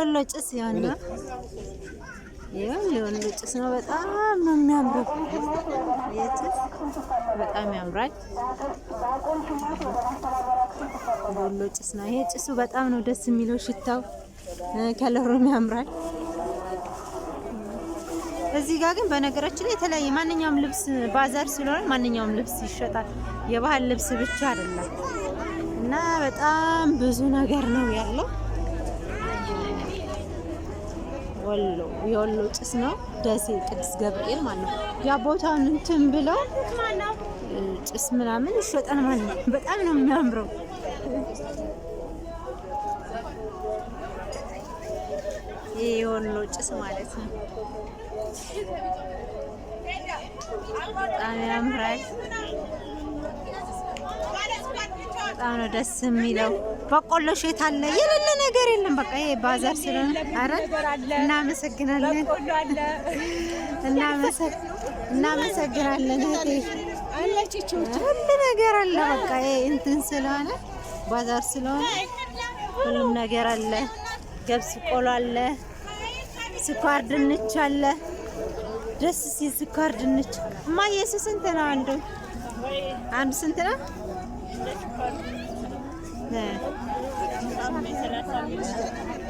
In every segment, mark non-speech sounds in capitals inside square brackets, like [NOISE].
የወሎ ጭስ ይሆና የወሎ ጭስ ነው። በጣም ነው የሚያምረው። የጭስ በጣም ያምራል። የወሎ ጭስ ነው ይሄ። ጭሱ በጣም ነው ደስ የሚለው ሽታው፣ ከለሩም ያምራል። እዚህ ጋር ግን በነገራችን ላይ የተለያየ ማንኛውም ልብስ ባዛር ስለሆነ ማንኛውም ልብስ ይሸጣል። የባህል ልብስ ብቻ አይደለም እና በጣም ብዙ ነገር ነው ያለው። ወሎ የወሎ ጭስ ነው። ደሴ ቅዱስ ገብርኤል ማለት ነው። ያ ቦታውን እንትን ብለው ጭስ ምናምን ይሸጠን ማለት ነው። በጣም ነው የሚያምረው። ይህ የወሎ ጭስ ማለት ነው። በጣም ያምራል። በጣም ነው ደስ የሚለው። በቆሎ ሼት አለ፣ የሌለ ነገር የለም። በቃ ይሄ ባዛር ስለሆነ አረ እናመሰግናለን፣ እናመሰግናለን። ሁሉ ነገር አለ። በቃ ይሄ እንትን ስለሆነ ባዛር ስለሆነ ሁሉም ነገር አለ። ገብስ ቆሎ አለ፣ ስኳር ድንች አለ። ደስ ሲል ስኳር ድንች እማዬ፣ ስንት ነው? አንዱ አንዱ ስንት ነው?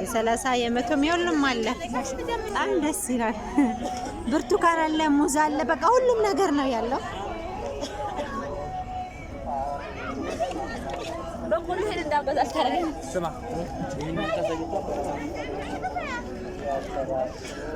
የሰላሳ የመቶም የሁሉም አለ። በጣም ደስ ይላል። ብርቱካን አለ፣ ሙዝ አለ። በቃ ሁሉም ነገር ነው ያለው።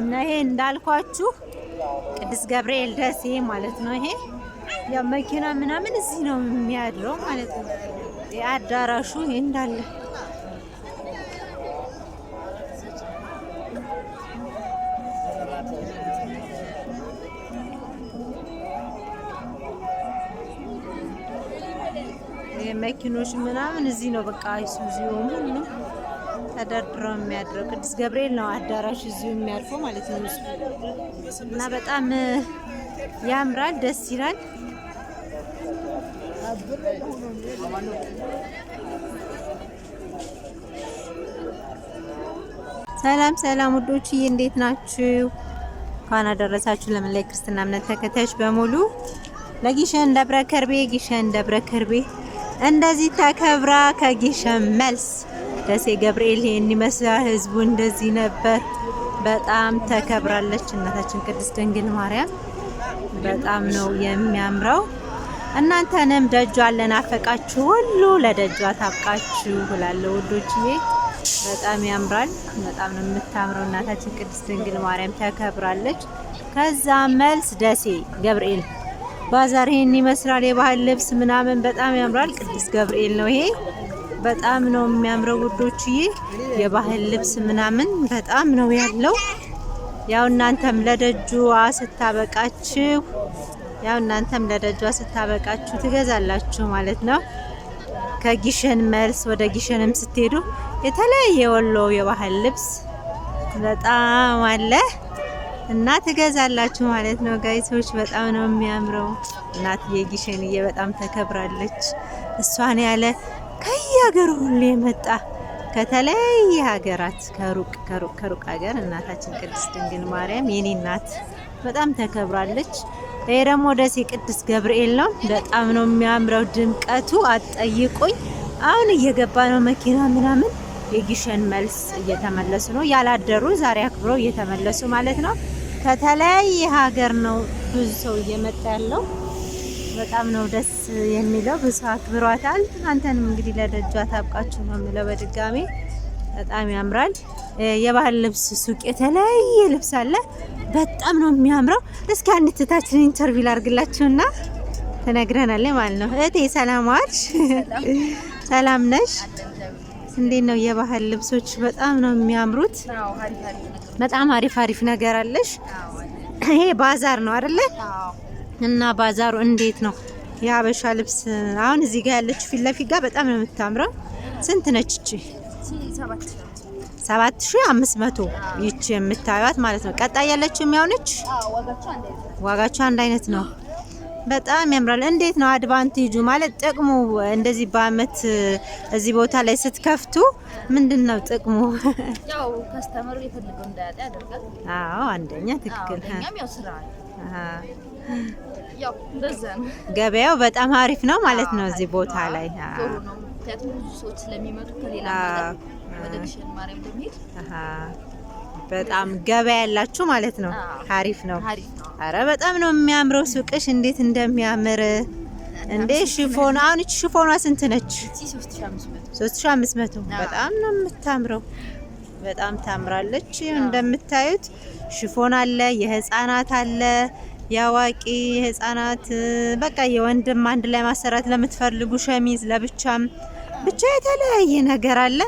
እና ይሄ እንዳልኳችሁ ቅዱስ ገብርኤል ደሴ ማለት ነው። ይሄ ያው መኪና ምናምን እዚህ ነው የሚያድረው ማለት ነው። የአዳራሹ እንዳለ መኪኖች ምናምን እዚህ ነው በቃ አይሱዙ ሁሉም ተደርድረው የሚያድረው ቅዱስ ገብርኤል ነው አዳራሹ እዚሁ የሚያርፈው ማለት ነው እና በጣም ያምራል፣ ደስ ይላል። ሰላም ሰላም ውዶች እንዴት ናችሁ? እንኳን አደረሳችሁ። ለመላይ ክርስትና እምነት ተከታዮች በሙሉ ለጊሸን ደብረ ከርቤ ጊሸን ደብረ ከርቤ እንደዚህ ተከብራ ከጊሸን መልስ ደሴ ገብርኤል ይሄን ይመስላል። ህዝቡ እንደዚህ ነበር። በጣም ተከብራለች እናታችን ቅድስት ድንግል ማርያም። በጣም ነው የሚያምረው። እናንተንም ደጇን ለናፈቃችሁ ሁሉ ለደጇ ታብቃችሁ እላለሁ ውዶችዬ። በጣም ያምራል። በጣም ነው የምታምረው። እናታችን ቅድስት ድንግል ማርያም ተከብራለች። ከዛ መልስ ደሴ ገብርኤል ባዛር ይሄን ይመስላል። የባህል ልብስ ምናምን በጣም ያምራል። ቅዱስ ገብርኤል ነው ይሄ። በጣም ነው የሚያምረው ውዶችዬ። የባህል ልብስ ምናምን በጣም ነው ያለው። ያው እናንተም ለደጇ ስታበቃችሁ ያው እናንተም ለደጇ ስታበቃችሁ ትገዛላችሁ ማለት ነው። ከጊሸን መልስ ወደ ጊሸንም ስትሄዱ የተለያየ ወሎ የባህል ልብስ በጣም አለ እና ትገዛላችሁ ማለት ነው። ጋይቶች በጣም ነው የሚያምረው። እናትዬ ጊሸንዬ በጣም ተከብራለች። እሷን ያለ ከየሀገሩ ሁሉ የመጣ ከተለያየ ሀገራት ከሩቅ ከሩቅ ከሩቅ ሀገር እናታችን ቅድስት ድንግል ማርያም የኔ እናት በጣም ተከብራለች። ይሄ ደግሞ ደሴ ቅዱስ ገብርኤል ነው። በጣም ነው የሚያምረው ድምቀቱ፣ አትጠይቁኝ። አሁን እየገባ ነው መኪና ምናምን። የጊሸን መልስ እየተመለሱ ነው ያላደሩ፣ ዛሬ አክብረው እየተመለሱ ማለት ነው። ከተለያየ ሀገር ነው ብዙ ሰው እየመጣ ያለው። በጣም ነው ደስ የሚለው። ብዙ አክብሯታል። አንተንም እንግዲህ ለደጇ ታብቃችሁ ነው የምለው በድጋሜ በጣም ያምራል። የባህል ልብስ ሱቅ የተለያየ ልብስ አለ። በጣም ነው የሚያምረው። እስኪ አንድ ትታችን ኢንተርቪው ላድርግላችሁና ተነግረናል ማለት ነው። እህቴ ሰላም ዋልሽ? ሰላም ነሽ? እንዴት ነው የባህል ልብሶች? በጣም ነው የሚያምሩት። በጣም አሪፍ አሪፍ ነገር አለሽ። ይሄ ባዛር ነው አይደለ? እና ባዛሩ እንዴት ነው የሀበሻ ልብስ? አሁን እዚህ ጋር ያለችው ፊት ለፊት ጋር በጣም ነው የምታምረው። ስንት ነች እቺ? ሰባት ሺ አምስት መቶ ይች የምታዩት ማለት ነው። ቀጣይ ያለችው የሚያውነች ዋጋቸው አንድ አይነት ነው። በጣም ያምራል። እንዴት ነው አድቫንቴጁ ማለት ጥቅሙ? እንደዚህ በአመት እዚህ ቦታ ላይ ስትከፍቱ ምንድን ነው ጥቅሙ? ያው ከስተመሩ የፈለገው እንዳያጣ ያደርጋል። አዎ አንደኛ ትክክል። ገበያው በጣም አሪፍ ነው ማለት ነው እዚህ ቦታ ላይ ምክንያቱም ብዙ ሰዎች ስለሚመጡ ከሌላ ወደ ግሸን ማርያም በሚሄድ በጣም ገበያ ያላችሁ ማለት ነው። አሪፍ ነው። አረ በጣም ነው የሚያምረው ሱቅሽ፣ እንዴት እንደሚያምር እንዴ! ሽፎን አሁን እቺ ሽፎኗ ስንት ነች? 3500 በጣም ነው የምታምረው። በጣም ታምራለች። እንደምታዩት ሽፎን አለ፣ የህፃናት አለ፣ የአዋቂ የህፃናት፣ በቃ የወንድም አንድ ላይ ማሰራት ለምትፈልጉ ሸሚዝ ለብቻም ብቻ የተለያየ ነገር አለ።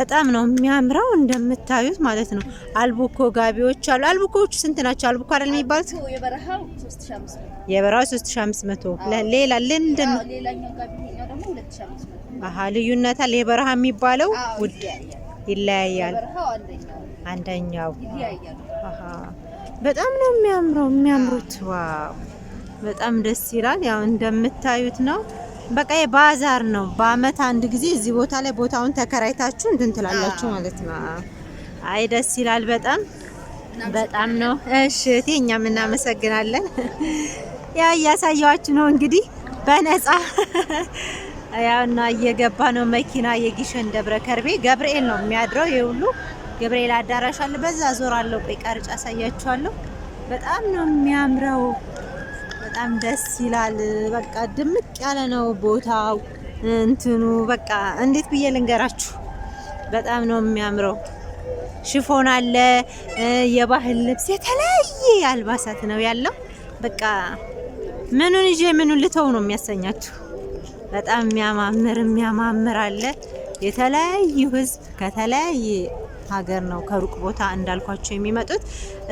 በጣም ነው የሚያምረው እንደምታዩት ማለት ነው። አልቡኮ ጋቢዎች አሉ። አልቡኮዎቹ ስንት ናቸው? አልቡኮ አይደል የሚባሉት? የበረሃው 3500 ሌላ ለንደን አሃ ልዩነት አለ። የበረሃ የሚባለው ውድ ይለያያል። አንደኛው በጣም ነው የሚያምረው የሚያምሩት። ዋው በጣም ደስ ይላል። ያው እንደምታዩት ነው። በቃ የባዛር ነው። በአመት አንድ ጊዜ እዚህ ቦታ ላይ ቦታውን ተከራይታችሁ እንትን ትላላችሁ ማለት ነው። አይ ደስ ይላል። በጣም በጣም ነው። እሺ እቴ እኛም እናመሰግናለን። [LAUGHS] ያ እያሳየዋችሁ ነው እንግዲህ በነፃ [LAUGHS] ያው እና እየገባ ነው መኪና የጊሸን ደብረ ከርቤ ገብርኤል ነው የሚያድረው። ይሄ ሁሉ ገብርኤል አዳራሽ አለ። በዛ ዞር አለው። ቆይ ቀርጬ አሳያችኋለሁ። በጣም ነው የሚያምረው። በጣም ደስ ይላል። በቃ ድምቅ ያለ ነው ቦታው እንትኑ በቃ እንዴት ብዬ ልንገራችሁ፣ በጣም ነው የሚያምረው። ሽፎን አለ፣ የባህል ልብስ፣ የተለያየ አልባሳት ነው ያለው። በቃ ምኑን ይዤ ምኑን ልተው ነው የሚያሰኛችሁ። በጣም የሚያማምር የሚያማምር አለ የተለያዩ ህዝብ ከተለያየ ሀገር ነው ከሩቅ ቦታ እንዳልኳቸው የሚመጡት።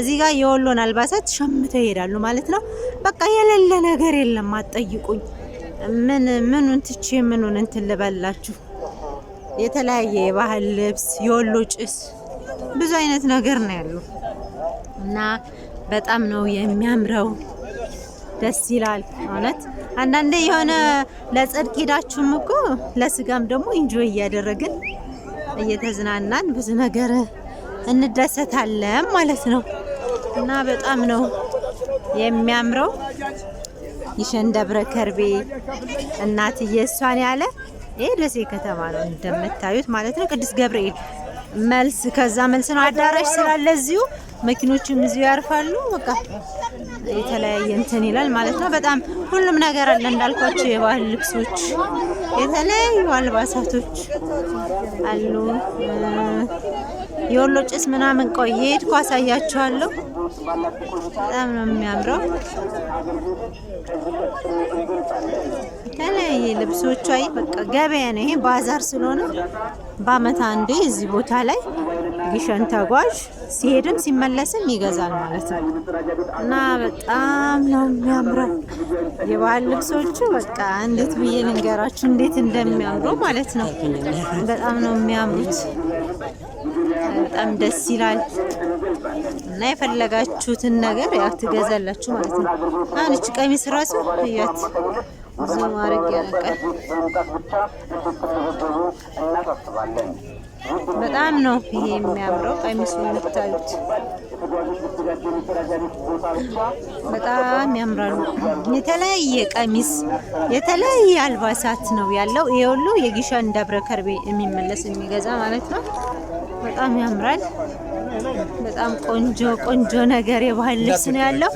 እዚህ ጋር የወሎን አልባሳት ሸምተው ይሄዳሉ ማለት ነው። በቃ የሌለ ነገር የለም። አትጠይቁኝ። ምን ምኑን ትቼ ምኑን እንትን ልበላችሁ። የተለያየ የባህል ልብስ፣ የወሎ ጭስ፣ ብዙ አይነት ነገር ነው ያሉ እና በጣም ነው የሚያምረው። ደስ ይላል እውነት። አንዳንዴ የሆነ ለጽድቅ ሄዳችሁም እኮ ለስጋም ደግሞ ኢንጆይ እያደረግን እየተዝናናን ብዙ ነገር እንደሰታለን ማለት ነው። እና በጣም ነው የሚያምረው ይሸንደብረ ከርቤ እናትዬ እሷን ያለ ይሄ ደሴ ከተማ ነው እንደምታዩት ማለት ነው። ቅዱስ ገብርኤል መልስ ከዛ መልስ ነው አዳራሽ ስላለ እዚሁ መኪኖቹም እዚሁ ያርፋሉ። በቃ የተለያየ እንትን ይላል ማለት ነው። በጣም ሁሉም ነገር አለ እንዳልኳቸው የባህል ልብሶች፣ የተለያዩ አልባሳቶች አሉ። የወሎ ጭስ ምናምን ቆይ ሄድኩ አሳያችኋለሁ። በጣም ነው የሚያምረው። የተለያየ ልብሶቿ በቃ ገበያ ነው ይሄ ባዛር ስለሆነ በአመት አንዴ እዚህ ቦታ ላይ ጊሸን ተጓዥ ሲሄድም ሲመለስም ይገዛል ማለት ነው እና በጣም ነው የሚያምረው። የባህል ልብሶቹ በቃ እንዴት ብዬ ልንገራችሁ እንዴት እንደሚያምሩ ማለት ነው። በጣም ነው የሚያምሩት። በጣም ደስ ይላል እና የፈለጋችሁትን ነገር ያው ትገዛላችሁ ማለት ነው። አሁን እች ቀሚስ ራሱ እያት ብዙ ማድረግ በጣም ነው ይሄ የሚያምረው ቀሚሱ የምታዩት በጣም ያምራሉ። የተለያየ ቀሚስ የተለያየ አልባሳት ነው ያለው። ይሄ ሁሉ የጊሸን ደብረ ከርቤ የሚመለስ የሚገዛ ማለት ነው። በጣም ያምራል። በጣም ቆንጆ ቆንጆ ነገር የባህል ልብስ ነው ያለው።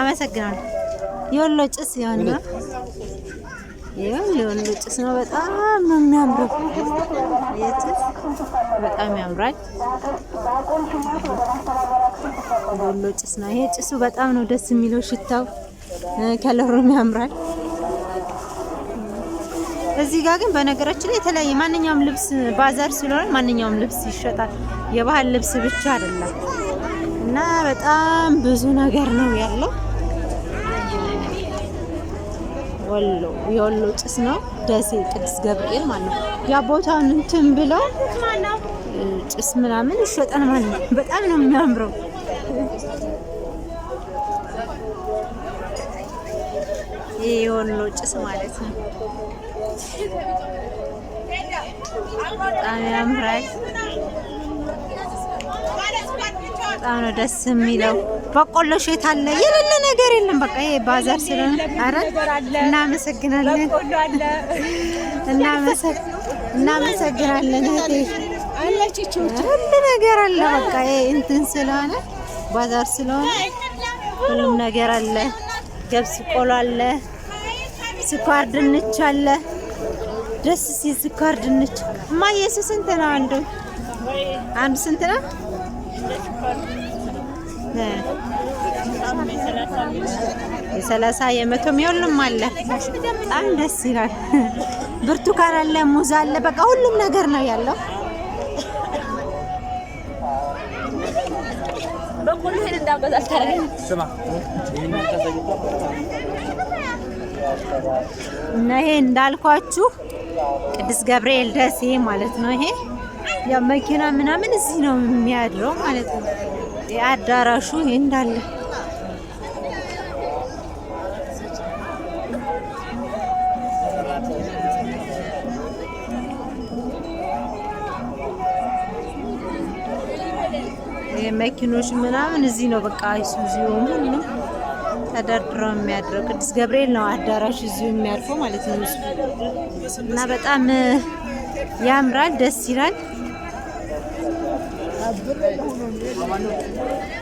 አመሰግናለሁ። የወሎ ጭስ የሆነ ይሁን ጭስ ነው። በጣም ነው የሚያምረው። የት በጣም ያምራል። ወሎ ጭስ ነው ይሄ። ጭሱ በጣም ነው ደስ የሚለው ሽታው፣ ከለሩም ያምራል። እዚህ ጋር ግን በነገራችን ላይ የተለያየ ማንኛውም ልብስ ባዛር ስለሆነ ማንኛውም ልብስ ይሸጣል። የባህል ልብስ ብቻ አይደለም እና በጣም ብዙ ነገር ነው ያለው። ወሎ የወሎ ጭስ ነው። ደሴ ቅዱስ ገብርኤል ማለት ነው። ያ ቦታውን እንትን ብለው ጭስ ምናምን ይሸጣል ማለት ነው። በጣም ነው የሚያምረው። ይህ የወሎ ጭስ ማለት ነው። በጣም ያምራል። በጣም ነው ደስ የሚለው። በቆሎ ሼት አለ የሌለ ነገር የለም። በቃ ይሄ ባዛር ስለሆነ አረ እናመሰግናለን፣ እናመሰግናለን። ሁሉ ነገር አለ። በቃ ይሄ እንትን ስለሆነ ባዛር ስለሆነ ሁሉም ነገር አለ። ገብስ ቆሎ አለ፣ ስኳር ድንች አለ። ደስ ሲል ስኳር ድንች እማዬ፣ እሱ ስንት ነው አንዱ? አንዱ ስንት ነው? የሰላሳ የመቶ የሚሆንም አለ። በጣም ደስ ይላል። ብርቱካን አለ፣ ሙዝ አለ፣ በቃ ሁሉም ነገር ነው ያለው። እና ይሄ እንዳልኳችሁ ቅዱስ ገብርኤል ደሴ ማለት ነው ይሄ ያው መኪና ምናምን እዚህ ነው የሚያድረው ማለት ነው። የአዳራሹ እንዳለ መኪኖች ምናምን እዚህ ነው በቃ አይሱዙ ሁሉም ተደርድረው የሚያድረው ቅዱስ ገብርኤል ነው አዳራሽ እዚሁ የሚያርፈው ማለት ነው። እና በጣም ያምራል፣ ደስ ይላል። ብር ለሆነ ነው።